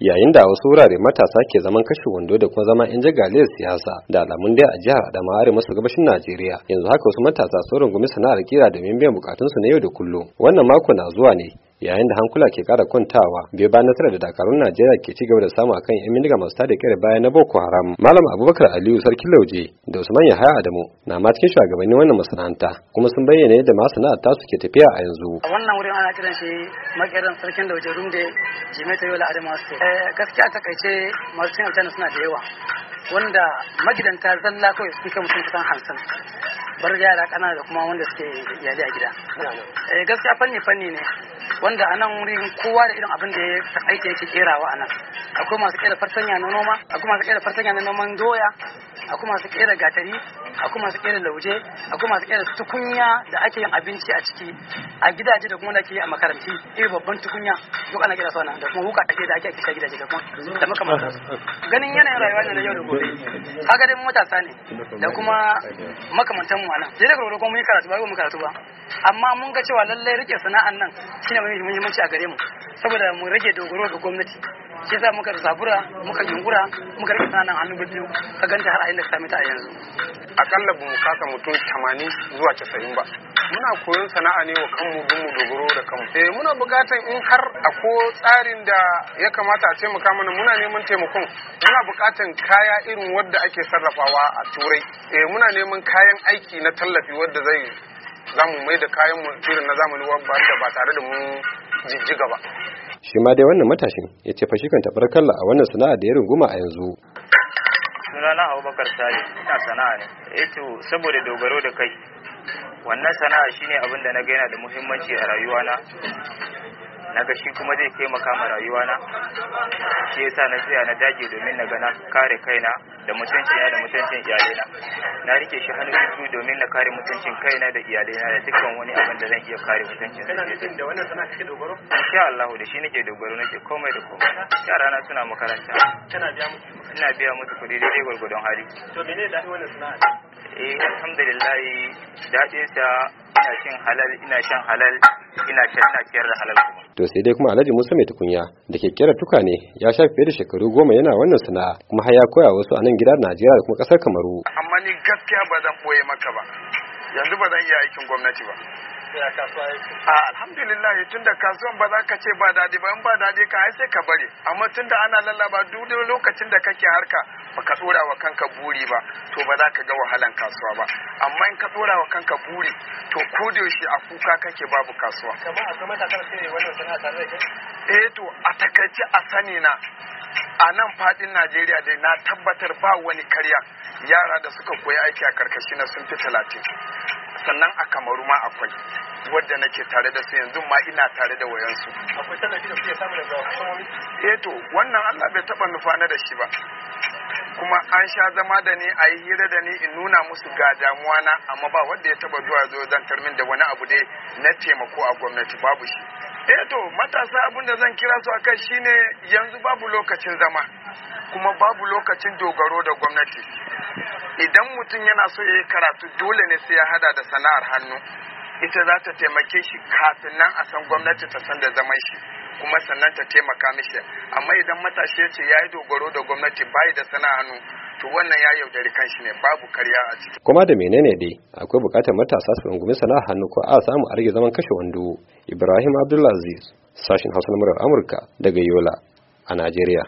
yayin da wasu wurare matasa ke zaman kashe wando da kuma zama yan jagaliyar siyasa da alamun dai a jihar adama are masu gabashin najeriya yanzu haka wasu matasa sun rungumi sana'ar kira domin biyan bukatunsu na yau da kullum wannan mako na zuwa ne yayin da hankula ke kara kwantawa biyo bayan nasarar da dakarun Najeriya ke ci gaba da samu akan yan bindiga masu tada kare baya na Boko Haram. Malam Abubakar Aliyu Sarkin Lauje da Usman Yahaya Adamu na ma cikin shugabannin wannan masana'anta kuma sun bayyana yadda masana'ar tasu ke tafiya a yanzu. Wannan wurin ana kiran shi makeran Sarkin Lauje Rumde Jimeta Yola Adamu State. Eh, gaskiya takaice masu cin aljanna suna da yawa. Wanda magidanta zalla kawai su kai mutum kusan hamsin. bar yara kana da kuma wanda suke iyali a gida. Eh, gaskiya fanni fanni ne wanda a nan wurin kowa da irin abin da ya aiki yake kerawa a nan akwai masu kera fartanya na noma akwai masu kera fartanya na noman doya akwai masu kera gatari akwai masu kera lauje akwai masu kera tukunya da ake yin abinci a ciki a gidaje da kuma da ake a makaranti irin babban tukunya duk ana kira sauna da kuma wuka ake da ake kisa gidaje da kuma da makamantar ganin yanayin rayuwa ne na yau da gobe haka dai matasa ne da kuma makamantan mu a nan dai da kuma mun yi karatu ba mun karatu ba amma mun ga cewa lallai rike sana'an nan shine mai muhimmanci a gare mu saboda mu rage dogaro ga gwamnati shi yasa muka zabura muka yungura muka rage sanan hannu biyu ka ganta har a sami ta a yanzu akalla ba mu kasa mutum 80 zuwa 90 ba muna koyon sana'a ne wa kanmu don mu dogaro da kanmu eh muna bukatan in har a ko tsarin da ya kamata a taimaka mana muna neman taimakon muna bukatan kaya irin wadda ake sarrafawa a turai eh muna neman kayan aiki na tallafi wadda zai za mu mai da kayan mu irin na zamani ba tare da mun jijjiga ba shi ma dai wannan matashin ya ce fa shi kan tabar kalla a wannan sana'a da ya runguma a yanzu sunana Abubakar Sale ina sana'a ne eh to saboda dogaro da kai wannan sana'a shine abin da na ga yana da muhimmanci a rayuwana na ga shi kuma zai taimaka ma rayuwana shi yasa na tsaya na dage domin na ga na kare kaina da mutuncina da mutuncin iyalaina na rike shi hannu biyu domin na kare mutuncin kaina da iyalaina da dukkan wani abin da zan iya kare mutuncin su kana da wannan sana kake dogaro insha Allah da shi nake dogaro nake komai da komai yara na suna makaranta kana biya musu ina biya musu kuɗi da hali to menene da wannan sana'a eh alhamdulillah daɗe sa ina shan halal ina shan halal ina shan ina da halal to sai dai kuma Alhaji Musa mai tukunya da ke kera tuka ne ya sha fiye da shekaru goma yana wannan sana'a kuma har ya koya wasu a nan gida Najeriya da kuma kasar Kamaru amma ni gaskiya ba zan boye maka ba yanzu ba zan iya aikin gwamnati ba alhamdulillah tun da kasuwan ba za ka ce ba daɗi ba in ba daɗi ka sai ka bari amma tun da ana lallaba duk lokacin da kake harka baka tsora wa kanka buri ba to ba za ka ga wahalan kasuwa ba amma in ka tsora wa kanka buri to ko da a kuka kake babu kasuwa eh to a takaice a sani na a nan fadin najeriya dai na tabbatar ba wani karya yara da suka koya aiki a karkashi na sun fi talatin sannan a kamaru ma akwai wadda nake tare da su yanzu ma ina tare da wayansu akwai tallafi da kuke samu daga hukumomi eh to wannan allah bai taba nufa na da shi ba kuma an sha zama da ni a yi hira da ni in nuna musu ga damuwa na amma ba wanda ya taba zuwa zo zan tarmin da wani abu dai na taimako a gwamnati babu shi eh to matasa abin da zan kira su akai shine yanzu babu lokacin zama kuma babu lokacin dogaro da gwamnati idan mutum yana so ya yi karatu dole ne sai ya hada da sana'ar hannu ita za ta taimake shi kafin nan a san gwamnati ta san da zaman shi kuma sannan ta taimaka mishi amma idan matashi ya ce ya yi dogaro da gwamnati bai da sana hannu to wannan ya yaudari kanshi ne babu karya a ciki. kuma da menene dai akwai bukatar matasa su rungumi sana hannu ko a samu arge zaman kashe wando ibrahim abdulaziz Sashen hausa na murar amurka daga yola a najeriya